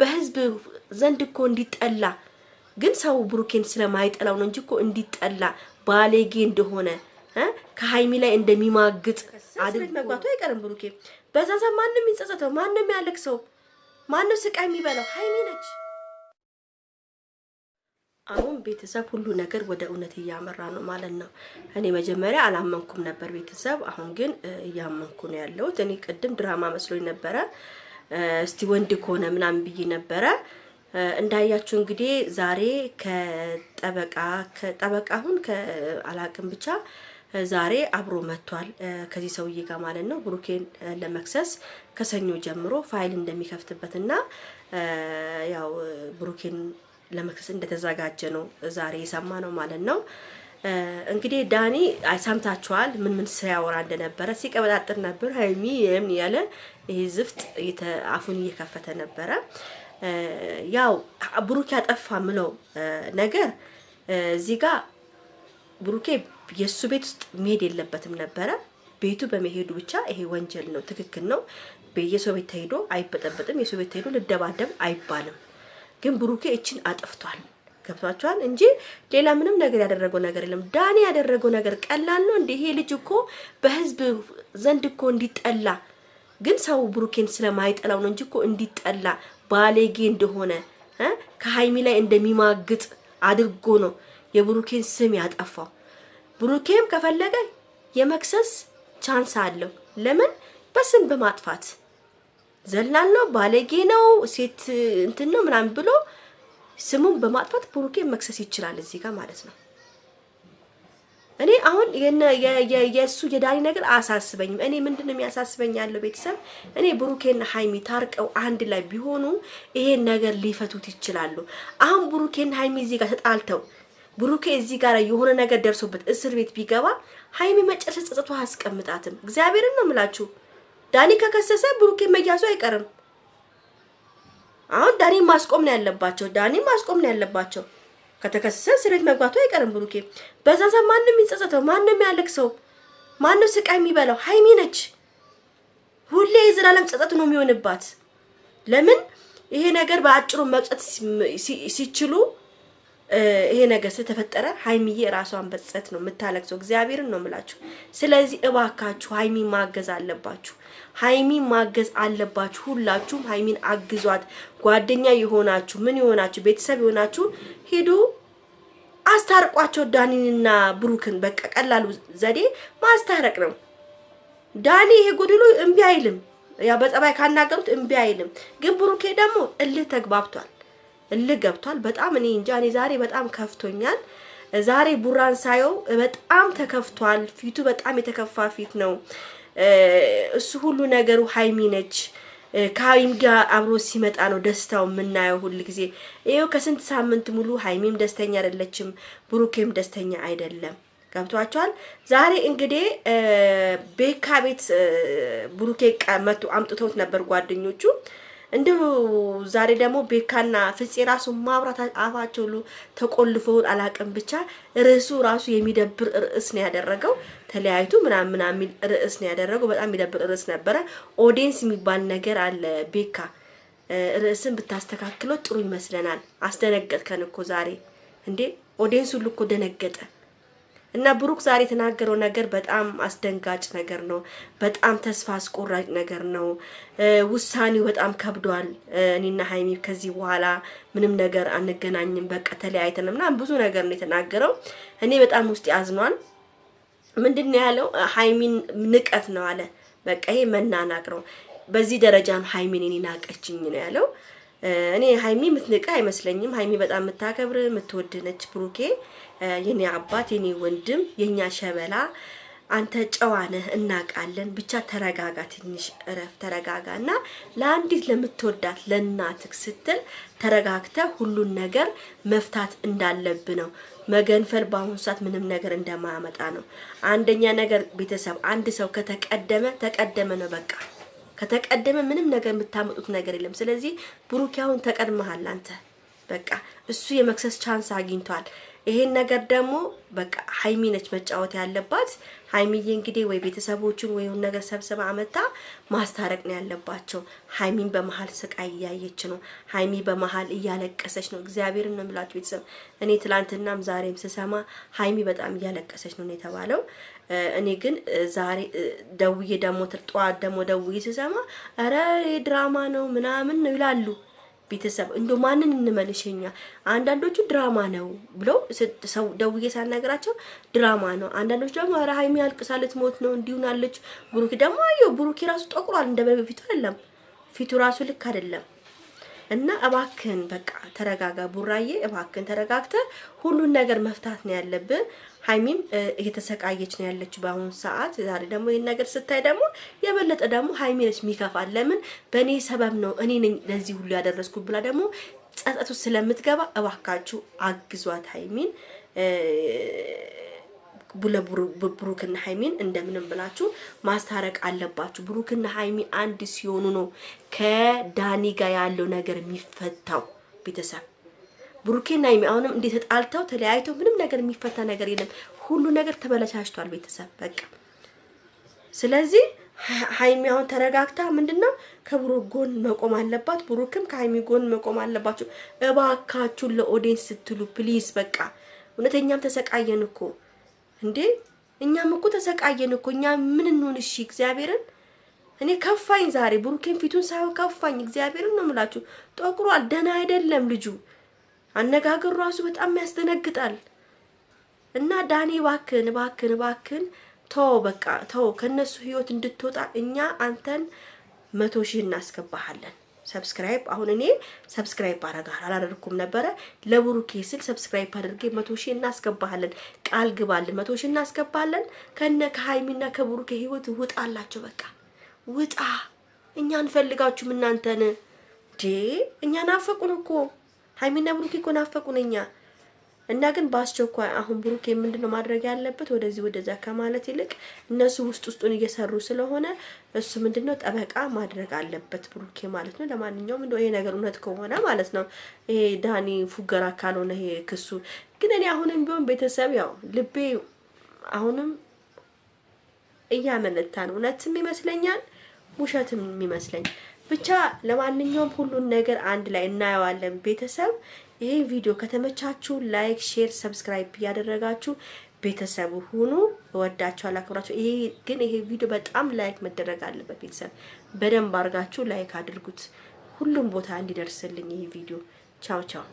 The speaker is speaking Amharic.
በህዝብ ዘንድ እኮ እንዲጠላ ግን ሰው ብሩኬን ስለማይጠላው ነው እንጂ እኮ እንዲጠላ ባሌጌ እንደሆነ ከሀይሚ ላይ እንደሚማግጥ አድርግ መግባቱ አይቀርም። ብሩኬ በዛ ሰ ማንም ይጸጸተው፣ ማንም ሰው ማንም ስቃይ የሚበላው ሀይሚ ነች። አሁን ቤተሰብ ሁሉ ነገር ወደ እውነት እያመራ ነው ማለት ነው። እኔ መጀመሪያ አላመንኩም ነበር ቤተሰብ፣ አሁን ግን እያመንኩ ነው ያለሁት። እኔ ቅድም ድራማ መስሎኝ ነበረ። እስቲ ወንድ ከሆነ ምናምን ብዬ ነበረ። እንዳያችሁ እንግዲህ ዛሬ ከጠበቃ ከጠበቃ አሁን ከአላቅም ብቻ ዛሬ አብሮ መጥቷል ከዚህ ሰውዬ ጋር ማለት ነው። ብሩኬን ለመክሰስ ከሰኞ ጀምሮ ፋይል እንደሚከፍትበትና ያው ብሩኬን ለመክሰስ እንደተዘጋጀ ነው ዛሬ የሰማ ነው ማለት ነው። እንግዲህ ዳኒ ሳምታችኋል ምን ምን ሲያወራ እንደነበረ ሲቀበጣጥር ነበር። ሀይሚ የምን ያለ ይሄ ዝፍት አፉን እየከፈተ ነበረ። ያው ብሩኬ አጠፋ ምለው ነገር እዚህ ጋር ብሩኬ የእሱ ቤት ውስጥ መሄድ የለበትም ነበረ። ቤቱ በመሄዱ ብቻ ይሄ ወንጀል ነው። ትክክል ነው። የሰው ቤት ተሄዶ አይበጠበጥም። የሰው ቤት ተሄዶ ልደባደብ አይባልም። ግን ብሩኬ እችን አጥፍቷል። ገብቷቸዋል እንጂ ሌላ ምንም ነገር ያደረገው ነገር የለም። ዳኔ ያደረገው ነገር ቀላል ነው እንዴ? ይሄ ልጅ እኮ በህዝብ ዘንድ እኮ እንዲጠላ ግን ሰው ብሩኬን ስለማይጠላው ነው እንጂ እኮ እንዲጠላ ባሌጌ እንደሆነ ከሀይሚ ላይ እንደሚማግጥ አድርጎ ነው የብሩኬን ስም ያጠፋው። ብሩኬም ከፈለገ የመክሰስ ቻንስ አለው። ለምን በስም በማጥፋት ዘላን ነው ባለጌ ነው ሴት እንትን ነው ምናምን ብሎ ስሙን በማጥፋት ብሩኬን መክሰስ ይችላል እዚህ ጋር ማለት ነው። እኔ አሁን የእሱ የዳኒ ነገር አያሳስበኝም። እኔ ምንድን ነው የሚያሳስበኝ ያለው ቤተሰብ እኔ ብሩኬና ሀይሚ ታርቀው አንድ ላይ ቢሆኑ ይሄን ነገር ሊፈቱት ይችላሉ። አሁን ብሩኬና ሀይሚ እዚህ ጋር ተጣልተው ብሩኬ እዚህ ጋር የሆነ ነገር ደርሶበት እስር ቤት ቢገባ ሀይሚ መጨረሻ ጸጸቷ አያስቀምጣትም። እግዚአብሔርን ነው ምላችሁ። ዳኒ ከከሰሰ ብሩኬ መያዙ አይቀርም። አሁን ዳኒ ማስቆም ነው ያለባቸው። ዳኒ ማስቆም ነው ያለባቸው። ከተከሰሰ እስር ቤት መግባቱ አይቀርም። ብሩኬ በዛ ሰ ማንም ይጸጸተው፣ ማንም ያለቅሰው፣ ማንም ስቃይ የሚበላው ሀይሚ ነች። ሁሌ የዘላለም ጸጸት ነው የሚሆንባት። ለምን ይሄ ነገር በአጭሩ መቅጨት ሲችሉ ይሄ ነገር ስለተፈጠረ ሀይሚዬ ራሷን በጸት ነው የምታለቅሰው። እግዚአብሔርን ነው የምላችሁ። ስለዚህ እባካችሁ ሀይሚ ማገዝ አለባችሁ። ሀይሚ ማገዝ አለባችሁ። ሁላችሁም ሀይሚን አግዟት። ጓደኛ የሆናችሁ ምን የሆናችሁ ቤተሰብ የሆናችሁ ሂዱ አስታርቋቸው። ዳኒንና ብሩክን በቃ ቀላሉ ዘዴ ማስታረቅ ነው። ዳኒ ይሄ ጉድሉ እምቢ አይልም። ያ በጸባይ ካናገሩት እምቢ አይልም። ግን ብሩኬ ደግሞ እልህ ተግባብቷል። እልህ ገብቷል። በጣም እኔ እንጃ እኔ ዛሬ በጣም ከፍቶኛል። ዛሬ ቡራን ሳየው በጣም ተከፍቷል። ፊቱ በጣም የተከፋ ፊት ነው። እሱ ሁሉ ነገሩ ሀይሚ ነች። ከሀይም ጋር አብሮ ሲመጣ ነው ደስታው የምናየው ሁል ጊዜ። ይኸው ከስንት ሳምንት ሙሉ ሀይሚም ደስተኛ አይደለችም፣ ብሩኬም ደስተኛ አይደለም። ገብቷቸዋል። ዛሬ እንግዲህ ቤካ ቤት ብሩኬ መቶ አምጥተውት ነበር ጓደኞቹ እንደው ዛሬ ደግሞ ቤካና ፍፄ ራሱ ማብራት አፋቸው ሁሉ ተቆልፈውን አላቅም። ብቻ ርዕሱ ራሱ የሚደብር ርዕስ ነው ያደረገው። ተለያይቱ ምናምን ምናምን ርዕስ ነው ያደረገው። በጣም የሚደብር ርዕስ ነበረ። ኦዲየንስ የሚባል ነገር አለ። ቤካ ርዕስን ብታስተካክለው ጥሩ ይመስለናል። አስደነገጥከን እኮ ዛሬ እንዴ! ኦዲየንስ ሁሉ እኮ ደነገጠ። እና ብሩክ ዛሬ የተናገረው ነገር በጣም አስደንጋጭ ነገር ነው። በጣም ተስፋ አስቆራጭ ነገር ነው። ውሳኔው በጣም ከብዷል። እኔና ሀይሚ ከዚህ በኋላ ምንም ነገር አንገናኝም፣ በቃ ተለያይተን ምናምን ብዙ ነገር ነው የተናገረው። እኔ በጣም ውስጥ ያዝኗል። ምንድን ነው ያለው? ሀይሚን ንቀት ነው አለ። በቃ ይሄ መናናቅ ነው። በዚህ ደረጃም ሀይሚን ናቀችኝ ነው ያለው። እኔ ሀይሚ የምትንቀ አይመስለኝም። ሀይሚ በጣም የምታከብር የምትወድ ነች። ብሩኬ የኔ አባት፣ የኔ ወንድም፣ የኛ ሸበላ አንተ ጨዋ ነህ እናውቃለን። ብቻ ተረጋጋ፣ ትንሽ እረፍ፣ ተረጋጋ እና ለአንዲት ለምትወዳት ለእናትህ ስትል ተረጋግተ ሁሉን ነገር መፍታት እንዳለብ ነው። መገንፈል በአሁኑ ሰዓት ምንም ነገር እንደማያመጣ ነው። አንደኛ ነገር ቤተሰብ፣ አንድ ሰው ከተቀደመ ተቀደመ ነው በቃ። ከተቀደመ ምንም ነገር የምታመጡት ነገር የለም። ስለዚህ ብሩክ አሁን ተቀድመሃል አንተ በቃ እሱ የመክሰስ ቻንስ አግኝቷል። ይሄን ነገር ደግሞ በቃ ሀይሚ ነች መጫወት ያለባት። ሀይሚዬ እንግዲህ ወይ ቤተሰቦቹን ወይ የሆነ ነገር ሰብስባ አመታ ማስታረቅ ነው ያለባቸው። ሀይሚን በመሀል ስቃይ እያየች ነው። ሀይሚ በመሀል እያለቀሰች ነው። እግዚአብሔርን ነው የምላችሁ ቤተሰብ። እኔ ትላንትናም ዛሬም ስሰማ ሀይሚ በጣም እያለቀሰች ነው የተባለው። እኔ ግን ዛሬ ደውዬ ደግሞ ጠዋት ደግሞ ደውዬ ስሰማ ኧረ ድራማ ነው ምናምን ነው ይላሉ ቤተሰብ እንደ ማንን እንመልሸኛ? አንዳንዶቹ ድራማ ነው ብለው ሰው ደውዬ ሳናገራቸው ድራማ ነው። አንዳንዶቹ ደግሞ ኧረ ሀይሚ አልቅሳለች፣ ሞት ነው እንዲሁን አለች። ብሩኬ ደግሞ አየሁ፣ ብሩኬ ራሱ ጠቁሯል፣ እንደ በፊቱ አይደለም። ፊቱ ራሱ ልክ አይደለም። እና እባክን በቃ ተረጋጋ ቡራዬ፣ እባክን ተረጋግተ ሁሉን ነገር መፍታት ነው ያለብን። ሀይሚም እየተሰቃየች ነው ያለች በአሁኑ ሰዓት። ዛሬ ደግሞ ይህን ነገር ስታይ ደግሞ የበለጠ ደግሞ ሀይሚ ነች የሚከፋል። ለምን በእኔ ሰበብ ነው እኔ ነኝ ለዚህ ሁሉ ያደረስኩ ብላ ደግሞ ጸጸቱ ስለምትገባ እባካችሁ አግዟት ሀይሚን ብሩክና ሀይሚን እንደምንም ብላችሁ ማስታረቅ አለባችሁ። ብሩክና ሀይሚ አንድ ሲሆኑ ነው ከዳኒ ጋር ያለው ነገር የሚፈታው ቤተሰብ ብሩኬና ሀይሚ አሁንም እንዴት ተጣልተው ተለያይተው ምንም ነገር የሚፈታ ነገር የለም። ሁሉ ነገር ተበለሻሽቷል ቤተሰብ በቃ። ስለዚህ ሀይሚ አሁን ተረጋግታ ምንድነው ከብሩክ ጎን መቆም አለባት። ብሩክም ከሀይሚ ጎን መቆም አለባችሁ። እባካችሁ ለኦዲንስ ስትሉ ፕሊዝ በቃ እውነተኛም ተሰቃየን እኮ እንዴ እኛም እኮ ተሰቃየን እኮ እኛ ምን እንሆን? እሺ እግዚአብሔርን እኔ ከፋኝ ዛሬ ብሩኬን ፊቱን ሳይሆን ከፋኝ። እግዚአብሔርን ነው የምላችሁ፣ ጠቁሯል። ደህና አይደለም ልጁ። አነጋገሩ ራሱ በጣም ያስደነግጣል። እና ዳኔ ባክን ባክን ባክን ተው፣ በቃ ተው፣ ከነሱ ህይወት እንድትወጣ እኛ አንተን መቶ ሺህ እናስገባሃለን። ሰብስክራይብ አሁን እኔ ሰብስክራይብ አረጋል አላደርኩም ነበረ። ለቡሩኬ ስል ሰብስክራይብ አድርጌ መቶ ሺህ እናስገባለን ቃል ግባልን፣ መቶ ሺህ እናስገባለን። ከነ ከሀይሚና ከቡሩኬ ህይወት ውጣ አላቸው። በቃ ውጣ፣ እኛ አንፈልጋችሁም እናንተን። ዴ እኛ ናፈቁን እኮ ሀይሚና ቡሩኬ እኮ ናፈቁን እኛ እና ግን በአስቸኳይ አሁን ብሩክ ምንድነው ማድረግ ያለበት ወደዚህ ወደዛ ከማለት ይልቅ እነሱ ውስጥ ውስጡን እየሰሩ ስለሆነ እሱ ምንድነው ጠበቃ ማድረግ አለበት ብሩኬ ማለት ነው። ለማንኛውም እንደው ይሄ ነገር እውነት ከሆነ ማለት ነው ይሄ ዳኒ ፉገራ ካልሆነ ይሄ ክሱ ግን እኔ አሁንም ቢሆን ቤተሰብ ያው ልቤ አሁንም እያመነታ ነው። እውነትም ይመስለኛል ውሸትም ይመስለኛል። ብቻ ለማንኛውም ሁሉን ነገር አንድ ላይ እናየዋለን ቤተሰብ ይህን ቪዲዮ ከተመቻችሁ ላይክ፣ ሼር፣ ሰብስክራይብ እያደረጋችሁ ቤተሰቡ ሁኑ። እወዳችኋል፣ አክብራችሁ። ይሄ ግን ይሄ ቪዲዮ በጣም ላይክ መደረግ አለበት። ቤተሰብ በደንብ አድርጋችሁ ላይክ አድርጉት፣ ሁሉም ቦታ እንዲደርስልኝ ይሄ ቪዲዮ። ቻው ቻው።